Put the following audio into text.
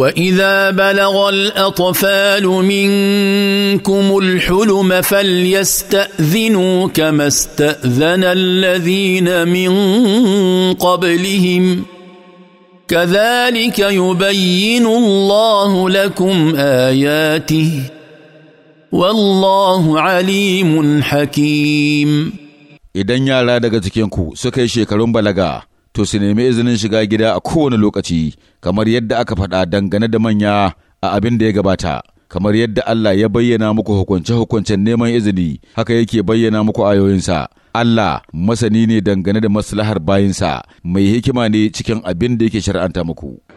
واذا بلغ الاطفال منكم الحلم فليستاذنوا كما استاذن الذين من قبلهم كذلك يبين الله لكم اياته والله عليم حكيم idan yara daga cikinku suka yi shekarun balaga to su nemi izinin shiga gida a kowane lokaci kamar yadda aka faɗa dangane da manya a abin da ya gabata kamar yadda Allah ya bayyana muku hukunce-hukuncen neman izini haka yake bayyana muku ayoyinsa Allah masani ne dangane da maslahar bayinsa mai hikima ne cikin abin da yake shar'anta muku